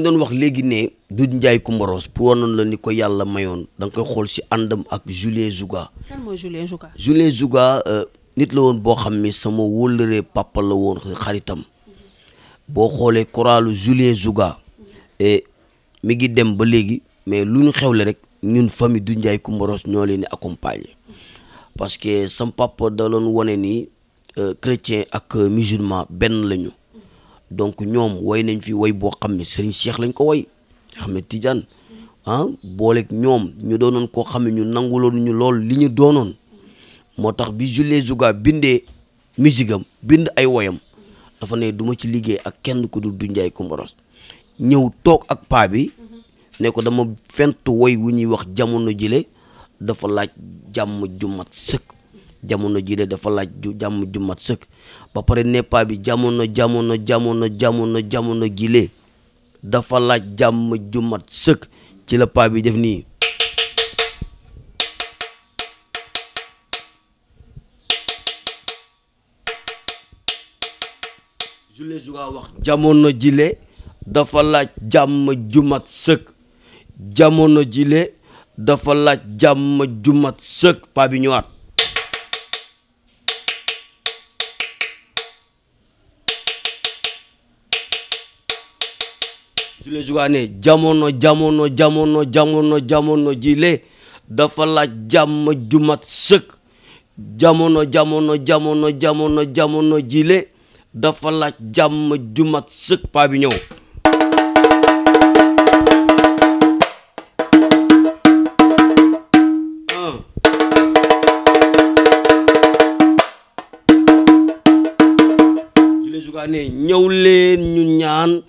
bañ doon wax léegi ne Doudou Ndiaye Coumba Rose pour wanoon la ni ko yàlla mayoon da nga koy xool si àndam ak Julien Jouga. kan mooy Jouga. Euh, nit la woon boo xam ni sama wóllëree papa la woon xaritam boo xoolee choraalu Julien Jouga mi ngi dem ba léegi mais lu ñu xewle rek ñun famille Doudou Ndiaye Coumba Rose ñoo leen di accompagner parce que sam pappa da doon wane ni euh, chrétien ak musulman benn lañu donc ñoom woy nañ fi woy boo xam ne Serigne Cheikh lañ ko woy xam ne Tidiane ah booleeg ñoom ñu doonoon koo xam ne ñu nanguloon ñu lool li ñu doonoon moo tax bi Jules Jouga bindee musique bind ay woyam dafa ne duma ci liggéey ak kenn ku dul du Ndiaye Coumba ñëw toog ak paa bi ne ko dama fent woy wu ñuy wax jamono jile dafa laaj jàmm ju mat sëkk jamono jile dafa laaj ju jàmm ju mat sëkk ba pare neppa bi jamono jamono jamono jamono jamono gile dafa laaj jàmm ju sëkk bi def nii jule su wax jamono jile dafa laaj jàmm ju mat sëkk jamono jile dafa laaj jàmm ju mat sëkk paa bi ñëwaat Sule Jouga ne jamono jamono jamono jamono jamono jile dafa laaj ju mat sëkk jamono jamono jamono jamono jamono jile dafa laaj jàmm sëkk paa bi ñëw Sule Jouga leen ñu ñaan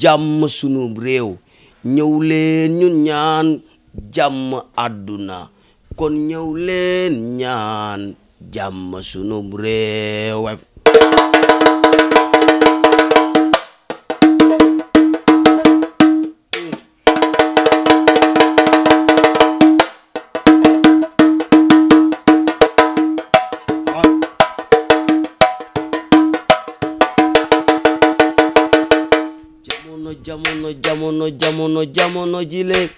jàmm sunum réew ñëw leen ñun ñaan jàmm àdduna kon ñëw leen ñaan jàmm sunu réew jamono jamono jamono jile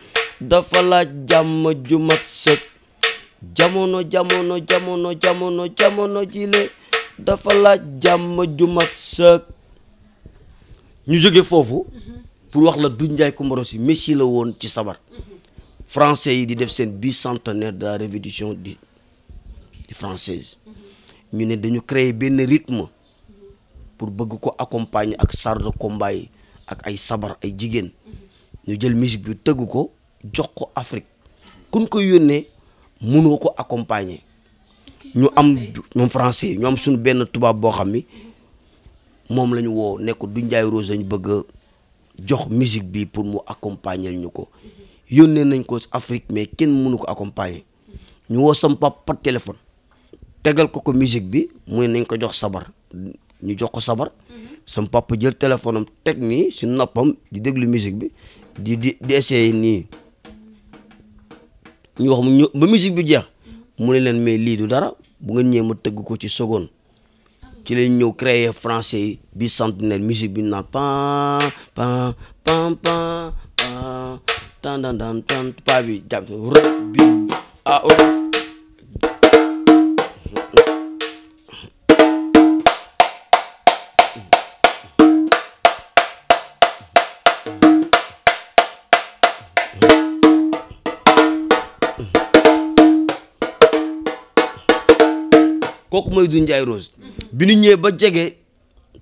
dafa laaj jàmm ju mat sëkk jamono jamono jamono jamono jamono jile dafa laaj jàmm ju mat sëkk ñu jóge foofu pour wax la du Ndiaye Coumba Rossi Messi la woon ci sabar français yi di def seen bicentenaire de la révolution di di française ñu ne dañu créer benn rythme pour bëgg ko accompagner ak chars de ak ay sabar ay jigéen ñu jël musique bi tëgg ko jox ko Afrique kun ko yónnee mënoo ko accompagner ñu am ñoom ñu am suñu benn tubaab boo xam ni moom la ñu woo nekk du Ndiaye Rose lañu bëgg jox musique bi pour mu accompagner ñu ko yónnee nañ ko Afrique mais kenn mënu ko accompagner ñu woo sampa pap par téléphone tegal ko ko musique bi muy nañ ko jox sabar ñu jox ko sabar sama papa jël téléphone am tek ni ci noppam di déglu musique bi di di essayer ni ñu wax mu ba musique bi jeex mu ne leen mais lii du dara bu ngeen ñëw ma tëgg ko ci seconde ci lañ ñëw créer français bi centenaire musique bi na pa pa pa pa pan tan tan tan tan pa bi jàpp rëb bi ah may du Ndiaye Rose bi ñu ñëwee ba jege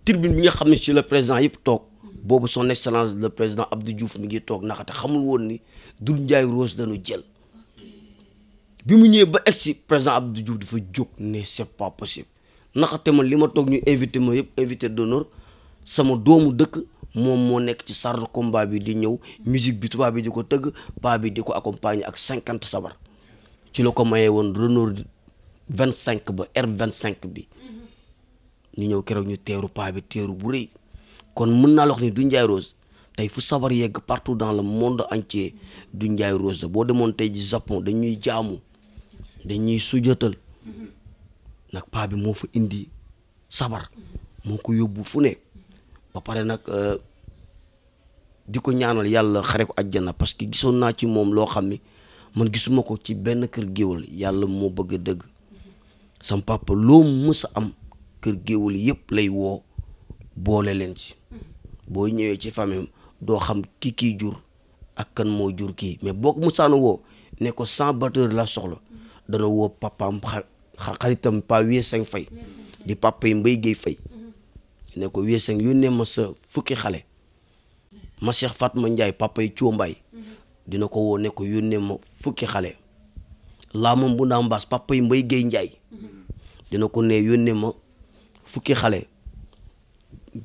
tirbine bi nga xam ne si la président yëpp toog boobu son excellence le président Abdou Diouf mi ngi toog naxate xamul woon ni Doudou Ndiaye Rose dañu jël bi mu ñëwee ba egsi président Abdou Diouf dafa jóg ne c'est pas possible naxate ma li ma toog ñu invité ma yëpp invité d'honneur sama doomu dëkk moom moo nekk ci sarre combat bi di ñëw musique bi tubaab bi di ko tëgg paa bi di ko accompagner ak cinquante sabar ci la ko mayee woon Renaud vingt cinq ba R vingt cinq bi ñu ñëw keroog ñu teeru paa bi teeru bu rëy kon mën naa la wax ni du Ndiaye Rose tey fu sabar yegg partout dans le monde entier du Ndiaye Rose la boo demoon tey ji Japon dañuy jaamu dañuy sujjatal nag paa bi moo fa indi sabar moo ko yóbbu fu ne ba pare nag euh, di ko ñaanal yàlla xare ko àjjana parce que gisoon naa ci moom loo xam ni man gisuma ko ci benn kër géwal yàlla moo bëgg a dëgg sam papa loo mës am kër géwël yëpp lay woo boole leen ci boo ñëwee ci famille doo xam ki kii jur ak kan moo jur kii mais boo ko musaana woo ne ko batteur la soxla dana woo papaam xaritam pa wee fay di papa yi mbay géey fay nekko ko wee seng ma sa fukki xale ma Cheikh Fatma Ndiaye papa yi coo mbaay dina ko woo ne ko ma fukki xale laa moom bu mbaas papa yi mbay géey njaay Mhm. dina ko ne yónnee ma fukki xale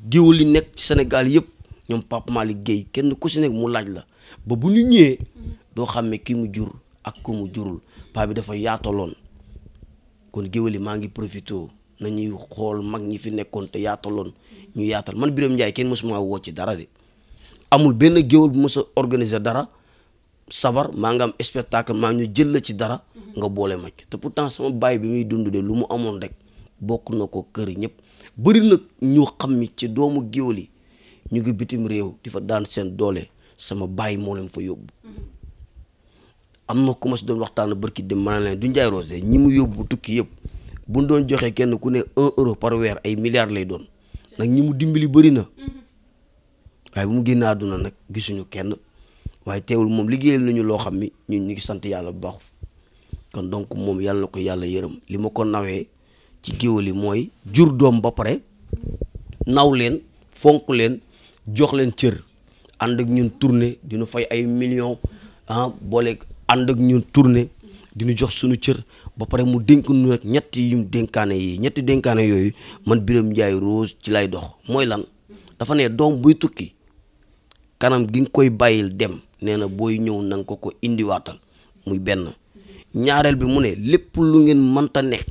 géwél li nekk senegal Sénégal yëpp ñoom Pape Malick Guèye kenn ku si nekk mu laaj la ba bu ñu ñëwee mhm. doo xam ne ki mu jur ak ko mu jurul paa bi dafa yaataloon kon géwél yi maa ngi profité nañuy xool mag ñi fi nekkoon te yaataloon mhm. ñu yaatal man Birame Ndiaye kenn mosuma woo ci dara de amul benn géwél bu mos a organiser dara sabar maa nga am spectacle maa ñu jël la ci dara nga boole ma ci te pourtant sama baay bi muy dund de lu mu amoon rek bokk na ko kër ñëpp bëri nag ñu xam ni ci doomu géwél yi ñu ngi réew di fa daan seen doole sama baay moo leen fa yóbbu am na ku ma si waxtaan barki dem ma leen du Ndiaye ñi mu yóbbu tukki yëpp buñ doon joxee kenn ku ne un ay milliards lay doon nag ñi mu dimbali bëri na mm-hmm. waaye bu mu génn àdduna nag gisuñu kenn. waaye teewul moom liggéeyal nañu loo xam ni ñun ñu ngi sant yàlla bu baax kon donc moom yàlla na ko yàlla yërëm li ma ko nawee ci géwél yi mooy jur doom ba pare naw leen fonk leen jox leen cër ànd ak ñun tournée dinu fay ay million ah boole ànd ak ñun tournée dinu jox sunu cër ba pare mu dénk nu rek ñetti yum dénkaane yi ñetti dénkaane yooyu man biram Ndiaye Rose ci lay dox mooy lan dafa ne doom buy tukki kanam gi nga koy bàyyil dem nee na booy ñëw na nga ko ko indiwaatal muy benn ñaareel bi mu ne lépp lu ngeen mënta nekk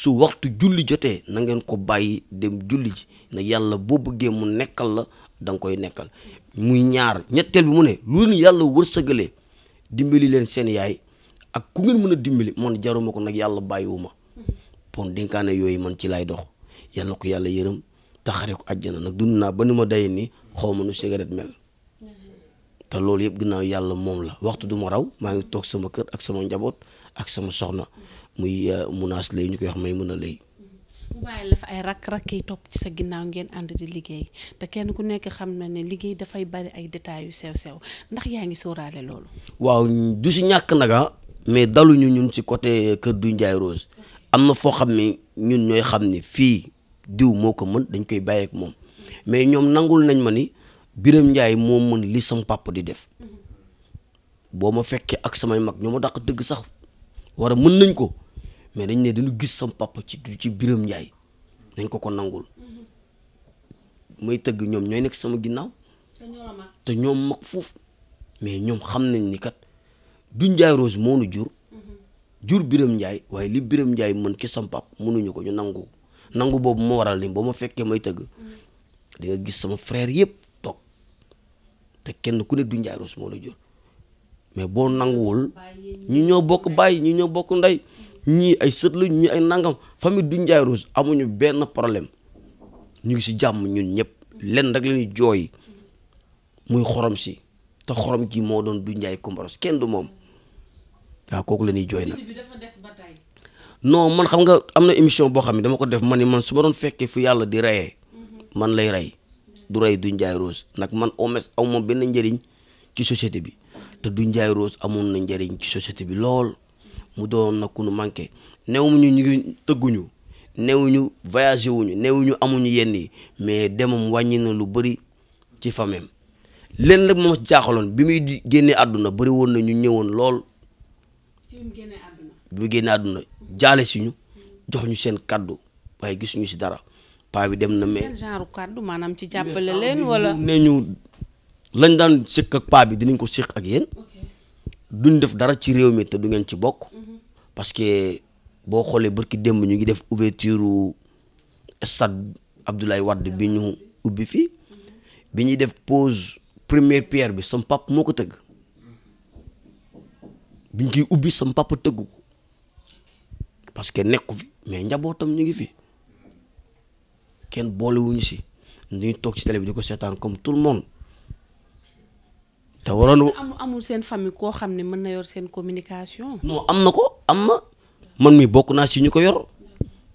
su waxtu julli jotee na ngeen ko bàyyi dem julli ji na yàlla boo bëggee mu nekkal la da nga koy nekkal muy ñaar ñetteel bi mu ne lu leen yàlla wërsëgalee dimbali leen seen yaay ak ku ngeen mën a dimbali man jaruma ko nag yàlla bàyyiwuma pon dénkaane yooyu man ci lay dox yàlla ko yàlla yërëm taxare ko àjjana nag dund naa ba nu ma day ni xaw ma nu cigarette mel te loolu yëpp ginnaaw yàlla moom la waxtu du ma raw maa ngi toog sama kër ak sama njaboot ak sama soxna muy euh, munaas lay ñu koy wax may mën a lay. mu bàyyi la ay rakk-rakk yi topp ci sa ginnaaw ngeen ànd di liggéey te kenn ku nekk xam na ne liggéey dafay bari ay détails yu sew-sew ndax yaa ngi sóoraale loolu. waaw du si ñàkk naga ah, mais daluñu ñun ci côté euh, kër du Ndiaye Rose am na foo xam ne ñun ñooy xam ni fii diw moo ko mën dañ koy bàyyeek moom mais ñoom nangul nañ ma ni biram njaay mo mën li sam di def boma ma ak samay mag ñoma ma deug sax wara mën nañ ko mais dañ né dañu gis sam papa ci ci biram njaay nañ ko ko nangul may teug ñom ñoy nek sama ginnaw te ñom mag fuf mais ñom xam nañ ni kat du njaay rose mo nu jur jur biram njaay waye li biram njaay mën ki sama pap mënuñu ko ñu nangu nangu bobu mo waral ni boo ma may teug di nga gis sama frère yépp kenn ku ne du Ndiaye Rose moo la jur mais boo nanguwul ñu ñoo bokk bàyyi ñu ñoo bokk ndey ñii ay sët la ñii ay nangam famille du Ndiaye Rose amuñu benn problème ñu ngi si jàmm ñun ñëpp lenn rek la jooy muy xorom si te xorom gi moo doon du Ndiaye Coumba Rose kenn du moom waaw kooku la ñuy jooy nag non man xam nga am na émission boo xam ne dama ko def man ni man su ma doon fekkee fu yàlla di reyee man lay rey du rey duñ jaay rose nag man au moins aw ma benn njëriñ ci société bi te duñ jaay rose amoon na njëriñ ci société bi lool mu doon nag ku nu manqué néew ñu ñu ngi tëgguñu néew ñu voyagé wuñu néew ñu amuñu yenn yi mais demam wàññi na lu bëri ci famem leen nag moom jaaxaloon bi muy génnee àdduna bëri woon na ñu ñëwoon lool bi mu génnee àdduna jaale si ñu jox ñu seen kàddu waaye gisuñu si dara paa bi dem na mais. genre kàddu maanaam ci jàppale leen wala. nee ñu lañ daan séq ak paa bi dinañ ko séq ak yéen. duñ def dara ci réew mi te du ngeen ci bokk. Mhm. parce que boo xoolee barki démb ñu ngi def ouverture stade Abdoulaye bi ñu ubbi fii mhm. bi ñuy def pose première pierre bi sam pap moo ko tëgg bi ñu koy ubbi sam tëggu ko parce que nekku fi mais njabootam ñu ngi fi. kenn boolewuñu si ñu toog ci télé bi di ko seetaan comme tout le monde. te waroon amul seen famille koo xam ne mën na yor seen communication. moo am na ko am na man mi bokk naa si ñu ko yor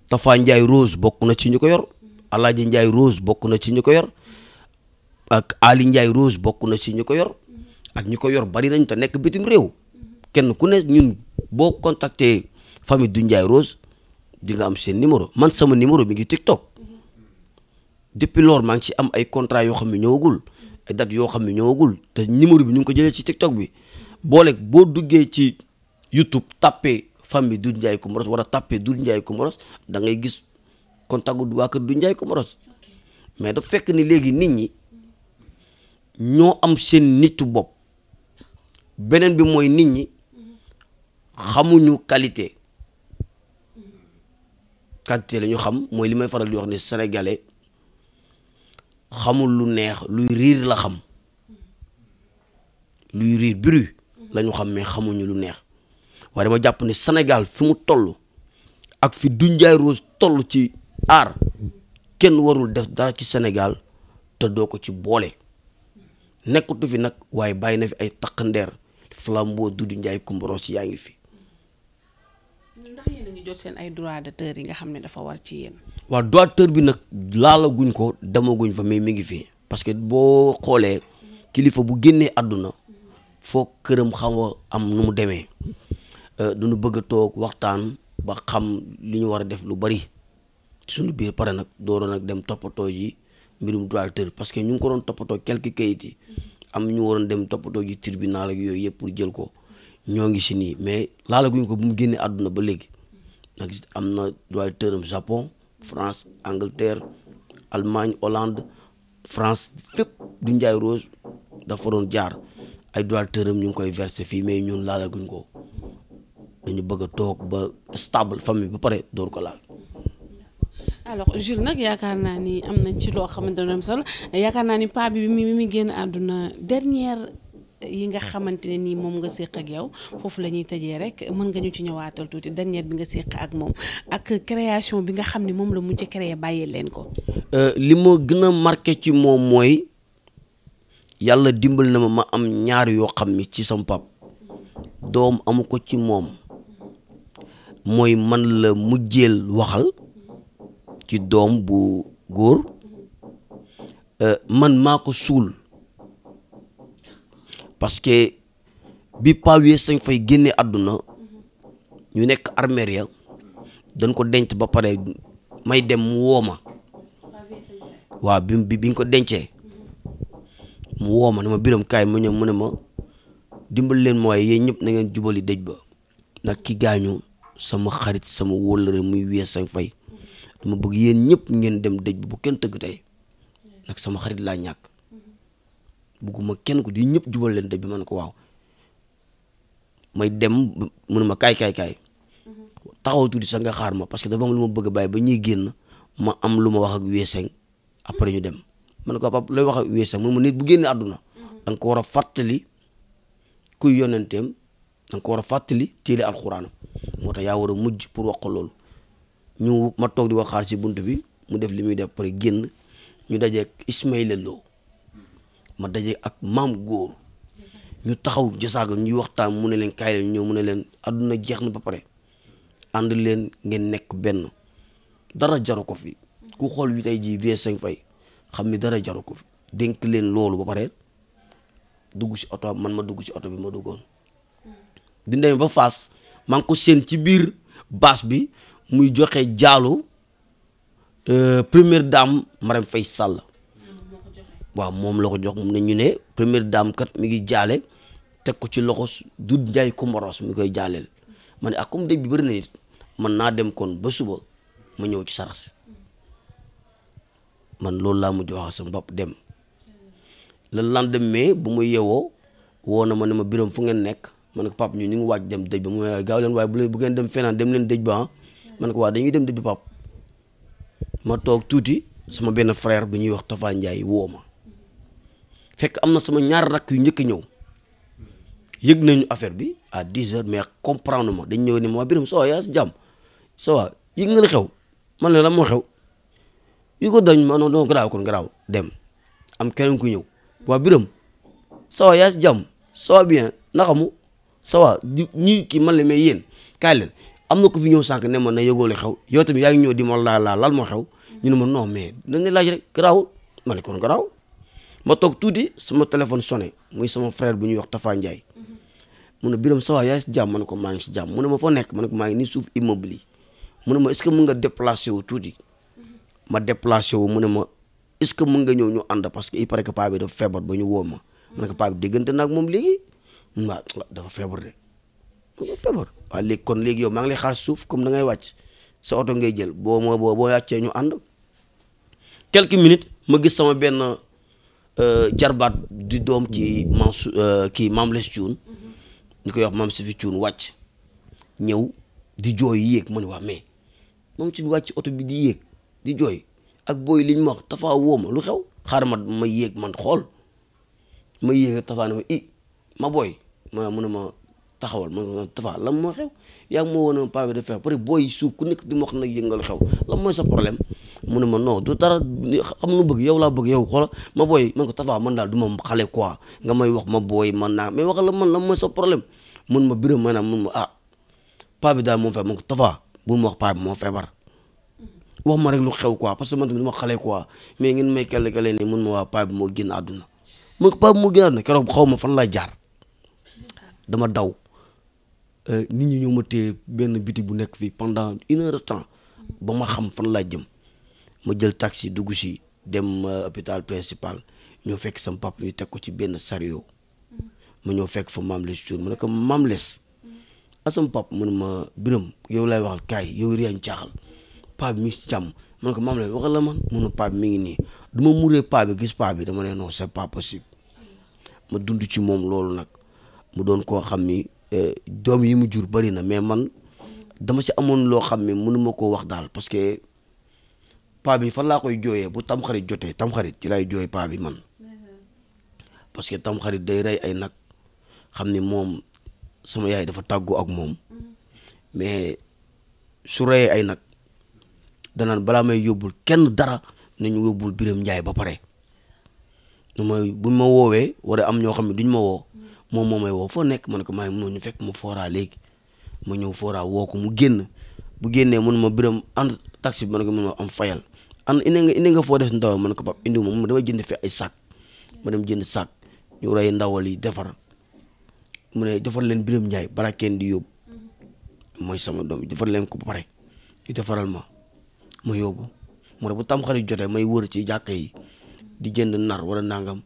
Tafa Ndiaye Rose bokk na ci ñu ko yor Alaaji Ndiaye Rose bokk na ci ñu ko yor ak Ali Ndiaye Rose bokk na ci ñu ko yor ak ñu ko yor bari nañ ta nekk bitim réew kenn ku ne ñun boo contacté famille du njaay Rose di nga am seen numéro man sama numéro mi ngi TikTok. depuis lors mang ci am ay contrat yo xamni ne ay date yo xamni ne te numéro bi ñu ko jëlé ci TikTok bi bolé bo duggé ci YouTube tapé famille Doudou ndjay Coumba Rose wala tàppee Doudou Ndiaye Coumba da ngay gis contact du waa kër Doudou Ndiaye Coumba mais da fekk ni légui nit ñi ño am seen nitu bop benen bi moy nit ñi xamuñu qualité mm-hmm. qualité la ñu xam moy limay faral di wax ni sénégalais. xamul lu neex luy riir la xam luy riir bruit la ñu xam mais xamuñu lu neex waaye dama jàpp ni Sénégal fi mu tollu ak fi Doudou Ndiaye Rose toll ci aar kenn warul def dara ci Sénégal te doo ko ci boole nekkatu fi nag waaye bàyyi na fi ay takkandeer flambeau du Ndiaye Coumba Rose yaa ngi fi ñu jot seen ay droit yi nga xam ne dafa war ci yéen. waaw droit d'auteur bi nag laalaguñ ko demaguñ fa mais mi ngi fi parce que boo xoolee kilifa bu génnee àdduna foo këram xam nga am nu mu demee euh, duñu bëgg a toog waxtaan ba xam li ñu war a def lu bari suñu biir pare nag dooroon nag dem toppatoo ji mbirum droit d'auteur parce que ñu ngi ko doon toppatoo quelques kayit yi am ñu waroon dem toppatoo ji tribunal ak yooyu yëpp pour jël ko ñoo ngi si nii mais laalaguñ ko bu mu génnee àdduna ba léegi existe am na waaye tëram Japon France Angleterre Allemagne Hollande France fépp du Ndiaye Rose dafa doon jaar ay droiteur am ñu ngi koy verser fii mais ñun laalaguñ ko dañu bëgg a toog ba stable famille ba pare door ko laal. alors Jules nag yaakaar naa ni am na ci loo xamante ne solo yaakaar naa ni paa bi mi mi génn àdduna dernière yi nga xamante ne nii moom nga séq ak yow foofu la ñuy tëjee rek mën nga ñu ci ñëwaatal tuuti dernière bi nga séq ak moom ak création bi nga xam ne moom la mujj créé bàyyee leen ko. Euh, li ma gën a marqué ci moom mooy yàlla dimbal na ma am ñaar yoo xam ni ci sam pap doom amu ko ci moom mooy man la mujjeel waxal ci doom bu góor euh, man maa ko suul. parce que bi Pa Wees Sagne Faye génnee àdduna ñu nekk armeer ya dañ ko denc ba pare may dem mu woo ma waaw bi bi biñ ko dencee mu woo ma ne ma biram kaay mu ñëw ne ma dimbal leen mooy yéen ñëpp na ngeen jubali dëj ba ndax ki gaañu sama xarit sama wóllëre muy Wees Sagne fay dama bëgg yéen ñëpp ngeen dem dëj ba bu kenn tëgg tey ndax sama xarit laa ñàkk buku kenn ku di ñëpp jubal leen dëj bi man ko waaw may dem mënuma kay kay kay taxaw tuuti sa nga xaar ma parce que dafa am lu ma bëgg ba ñuy génn ma am lu ma wax ak weeseng après ñu dem man ko pap lay wax ak weeseng mun ma nit bu génn aduna mhm. da nga ko war a fàttali kuy yonenteem da nga ko war a fàttali téele alxuraanam moo tax yaa war mujj pour wax ko ñu ma toog di wax si bunt bi mu def li muy def pare génn ñu dajeeg Ismaïla Lo ma daje ak maam góor ñu taxaw jasaaga ñuy waxtaan mu ne leen kaay leen ñëw mu ne leen àdduna jeex na ba pare ànd leen ngeen nekk benn dara jaru ko fi ku xool wi tey jii V5 xam ni dara jaru ko fi dénk leen loolu ba pare dugg si oto man ma dugg ci oto bi ma duggoon bi demee ba Fass maa ngi ko seen ci biir baas bi muy joxe jaalu euh, première dame Marème fay Sall wa mom la ko jox mu ne ñu ne première dame kat mi ngi jalé teg ko ci loxo dud ku moros mi koy jaaleel ma akum ak ah, bi bari na man na dem kon ba suba ma ñew ci sarax man lool la mu jox sa dem le lendemain bu mu yewoo wona na ma ne ma birom fu ngeen nek ma ko pap ñu ñu waj dem dëj bumi mu ne gaaw leen way bu ngeen dem fenan dem leen dëj ba man ah. ma ko wa dañuy dem dëj bi pap ma tok touti sama ben frère bu ñuy wax Tafa ndjay wooma fekk am na sama ñaar rakk yu njëkk ñëw yëg nañu affaire bi à 10 heures mais comprendre ma dañ ñëw ni ma biram soo jàmm soo waa yëg xew man ne la moo yu ko dañ ma non non garaaw am keneen ku ñëw waa biram soo waa yaa si jàmm soo waa bien naxamu soo waa di ñuy kii man la mais yéen kaay leen am na ko fi ñëw sànq ne ma na yëgoo li xew yow tamit yaa di ma laa laa lal moo xew mm. ñu ne ma non mais dañ lay laaj rek garaawul ma ne kon ma tok tudi sama téléphone sonné muy sama frère bu ñuy wax Tafa ndjay mu ne biram sawa yaay jam man ko maa ci jam jàmm mu ne ma fo nek man ko maa ni souf suuf immeuble mu ne ma est ce que mun nga déplacé wu tudi ma déplacer wu mu ne ma est ce que mun nga ñëw ñu and parce que il paraît que pa bi do feebar ba ñu woo ma ma ko pa bi déggante nak mom léegi ma ah, dafa feebar de dafa feebar wa lé kon léegi yow ma ngi lay xaar souf comme da ngay wacc sa auto ngay jël bo mo bo bo yaccé ñu and quelques minutes ma gis sama benn Euh, jarbaat di doom ci maam su euh, kii maam les Thioune mhm. ñu koy wax maam Sifi wàcc ñëw di jooy yéeg ma ne waa mais moom ci wàcc oto bi di yéeg di jooy ak booy liñ ma wax tafaa woo lu xew xaaral ma ma yéeg man xool ma yéeg tafaa ne ma i ma booy ma mun a ma taxawal ma tafaa lan moo xew yaa ngi ma woon paa bi de fex peut-être booy suuf ku nekk di ma wax nag yëngal xew lan mooy sa problème mu ne ma non du tara xam nu bëgg yow laa bëgg yow xoola ma boy man ko tafa man daal du ma xale quoi nga may wax ma boy man naa mais waxal man la mooy sa problème mu ne ma biram maanaam mun ma ah paa bi daal moo feebar man ko tafa bu ma wax paa bi moo feebar wax ma rek lu xew quoi parce que man tamit du ma xale quoi mais ngeen may kale kale ni mu ne ma waa paa bi moo génn àdduna mu ko paa bi moo génn àdduna keroog xaw ma fan laa jaar dama daw eh, nit ñi ñoo ma téye benn bitig bu nekk fii pendant une heure de temps ba ma xam fan laa jëm ma jël taxi dugg si dem euh, hôpital principal ñu fekk sam pap ñu teg ko ci benn sario mm. mu ñoo fekk fa mam les suur mu ne ko les mm. asam ah, pap mu ne ma biram yow lay waxal kay yow réeñ caaxal pa bi mi ngi si jàmm ma ne ko maam les waxal la man mu ne pa bi mi ngi ni duma muree pa bi gis pa bi dama né non c'est pas possible ma dund ci mom lolu nak mu doon ko xam euh, doom yi mu jur bari na mais man dama amone lo loo mu ne mako wax dal parce que paa bi fan laa koy jooyee bu tamxarit jotee tamxarit ci laay jooy paa bi man parce que tamxarit day rey ay nag xam ni moom sama yaay dafa tàggoo ak moom mais su reyee ay nag danaan balaa may yóbbul kenn dara ni nañu yóbbul Biram Njaay ba pare nu ma buñ ma woowee wala am ñoo xam ne duñ ma woo moom moo may woo foo nekk man ko maay mënoo ñu fekk mu fooraa léegi ma ñëw fooraa woo ko mu génn bu génnee mun ma Biram ànd taxi ma man ko mun ma am fayal an indi nga indi nga foo def ndaw man ko pap indi moom dama jënd fi ay sac ma dem jënd sac ñu rey ndawal yi defar mu ne defar leen Birame Ndiaye bara kenn di yóbbu mooy sama doom defar leen ko ba pare di defaral ma ma yóbbu mu bu tam xarit jotee may wër ci jàkka yi di jënd nar wala nangam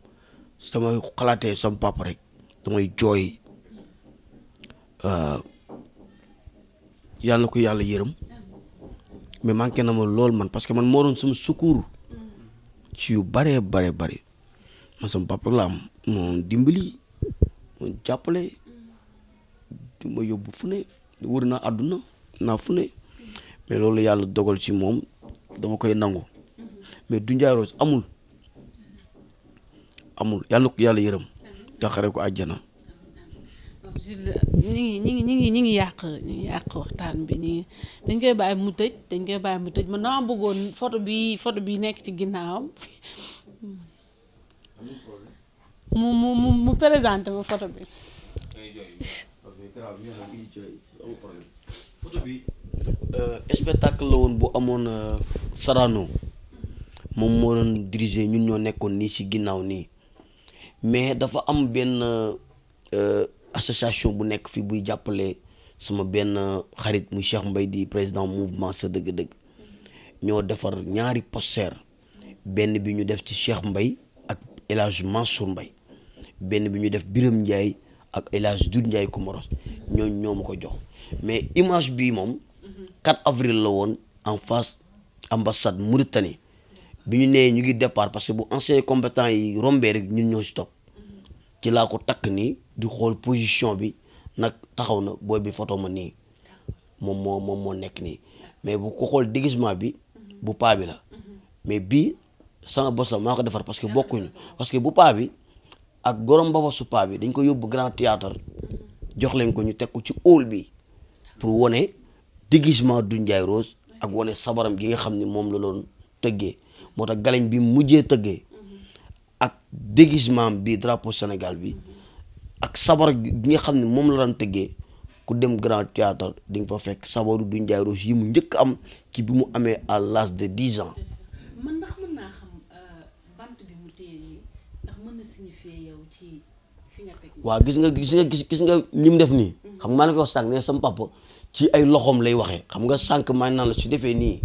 sama xalaatee sama papa rek damay jooy yàlla na ko yàlla yërëm mais manqué na ma lool man parce que man moo doon sama secours ci yu bëree bare bëri man sama papa la am moom dimbali jàppale ma yóbbu fune ne na naa àdduna naa fu ne loolu yàlla dogal si moom dama koy nangu mais du Ndiaye Rose amul amul yàlla ko yàlla yërëm taxare ko àjjana. ñu ngi ñi ngi yàq ñi ngi yàq waxtaan bi ñi dañ koy bàyyi mu tëj dañ koy bàyyi mu tëj man dama bëggoon foto bi photo bi nekk ci ginnaawam mu mu mu mu présenté euh, spectacle la woon bu amoon euh, Sorano moom moo doon dirigé ñun ñoo nekkoon nii ci ginnaaw nii mais dafa am benn euh, association bu nek fi buy jappelé sama ben xarit mu Cheikh mbay di président mouvement sa deug deug ñoo defar ñaari poster ben bi ñu def ci Cheikh mbay ak elage Mansour mbay ben bi ñu def Birame Ndiaye ak elage Hadj Doudou Ndiaye ñoo ko jox mais image bi mom 4 avril la won en face ambassade Mauritanie biñu né ñu ngi départ parce que bu ancien combattant yi rombee rek ñun ñoo si ci laa ko takk nii di xool position bi nag taxaw na booy bi photo ma nii moom moo moom moo nekk nii mais bu ko xool déguisement bi bu paa bi la mais bii sama bos la defar parce que bokkuñu parce que bu paa bi ak gorom ba bi dañ ko yóbbu grand jox leen ko ñu teg ko ci hall bi pour wane déguisement Doudou Ndiaye ak wane sabaram gi nga xam ni moom la doon tëggee moo tax galañ bi mujjee tëggee déguisement bi drapeau Sénégal bi ak sabar gi nga xam ne moom la daan tëggee ku dem grand théâtre di nga fa fekk sabaru Doudou Ndiaye Rose yi mu njëkk am ci bi mu amee à l'âge de dix ans. Euh, ci fi waaw gis nga gis nga gis nga li mu def nii. Mhm. xam nga maa ngi koy wax sànq ci ay loxoom lay waxee xam nga sànq maa naan la su defee nii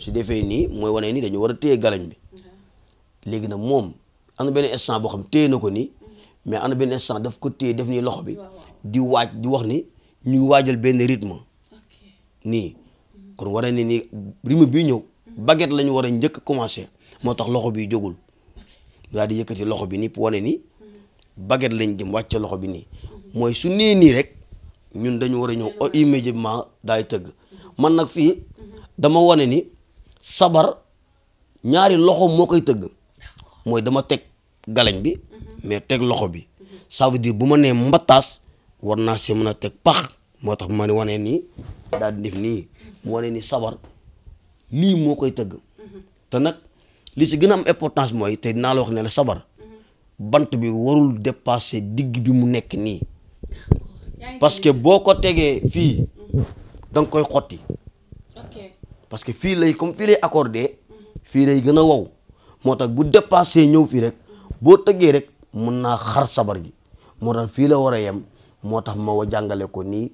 su defee nii mooy wane nii dañu war a téye galañ bi mhm. léegi nag moom. am na benn instant boo xam téye na ko nii mais am na benn instant def ko téye def nii loxo bi di waaj di wax ni ñu ngi waajal benn rythme nii kon war ne nii rythme bi ñëw bagget lañu ñu war a njëkk commencé moo tax loxo bi jógul daal di yëkkati loxo bi nii wane ni baguette lañ jëm wàcc loxo bi nii mooy su nee nii rek ñun dañu war a ñëw immédiatement daay tëgg man nag fii dama wane ni sabar ñaari loxo moo koy tëgg mooy dama teg galañ bi mais teg loxo bi ça veut bu ma nee mbattaas war naa si mën a teg pax moo tax ma ne wanee nii daal di nii mu wanee ni sabar lii moo koy tëgg te nag li si gën a am importance mooy te dinaa la wax ne la sabar bant bi warul dépasser digg bi mu nekk nii parce que boo ko tegee fii mhm. danga koy xotti parce que fii lay comme fii lay accordé fii lay gën a wow moo tax bu dépassé ñëw fii rek boo tëggee rek mun naa xar sabar gi moo tax fii la war a yem moo tax ma wa jàngale ko nii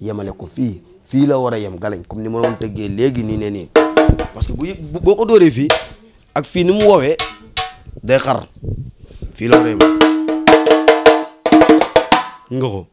yemale ko fii fii la war a yem galañ comme ni ma doon tëggee léegi nii ne nii parce que bu boo ko dóoree fii ak fii ni mu woowee day xar fii la war a yem nga ko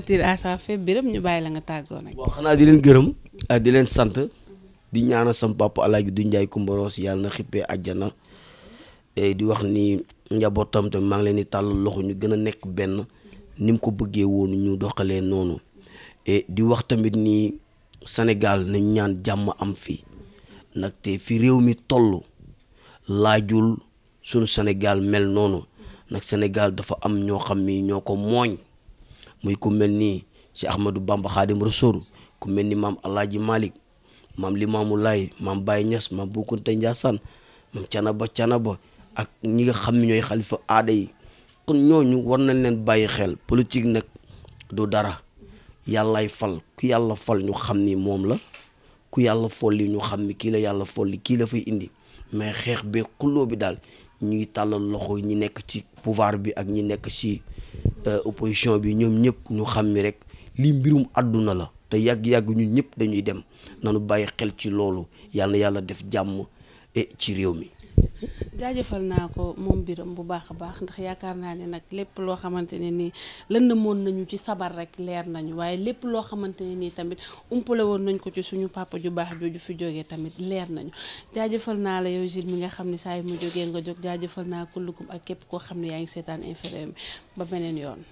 tire à sa fin ñu bàyyi la nga tàggoo nag. bon di leen gërëm ah, di leen sant di ñaanal sam papa El Hadj Doudou Ndiaye Coumba Rose na xippee àjjana eh, di wax ni njabootam tamit maa leen di tàllal loxo ñu gën a nekk benn ni mu ko bëggee woon ñu doxalee noonu eh, di wax tamit nii senegal nañ ñaan jàmm am fi ndaxte fi réew mi toll laajul sunu senegal mel noonu nag Sénégal dafa am ñoo xam ni ñoo ko mooñ. muy ku mel ni Cheikh Ahmadou Bamba Xaadim Rasul ku mel ni mam maam Alaaji Malick maam Limaamu Laay maam Baye Niass maam Boukounta Ndiassane maam Canaba Canaba ak ñi nga xam ne ñooy xalifa aada yi kon ñooñu war nañ leen bàyyi xel politique nag du dara yàllaay fal ku yàlla fal ñu xam ni moom la ku yàlla li ñu xam ni kii la yàlla li kii la fay indi mais xeex be xuloo bi daal ñu ngi tàllal loxo ñi nekk ci pouvoir bi ak ñi nekk ci Euh, opposition bi ñoom ñëpp ñu xam ni rek li mbirum àdduna la te yàgg-yàgg ñun ñëpp dañuy dem nanu bàyyi xel ci loolu yàlla yàlla def jàmm eh, ci réew mi jaajëfal naa ko moom biram bu baax a baax ndax yaakaar naa ne nag lépp loo xamante ne nii lënd moon nañu ci sabar rek leer nañu waaye lépp loo xamante ne nii tamit umpale woon nañ ko ci suñu papa ju baax jooju fi jógee tamit leer nañu jaajëfal naa la yow Gilles mi nga xam ne saa yu mu jógee nga jóg jaajëfal naa ko kullukum ak képp koo xam ne yaa ngi seetaan infirmier bi ba beneen yoon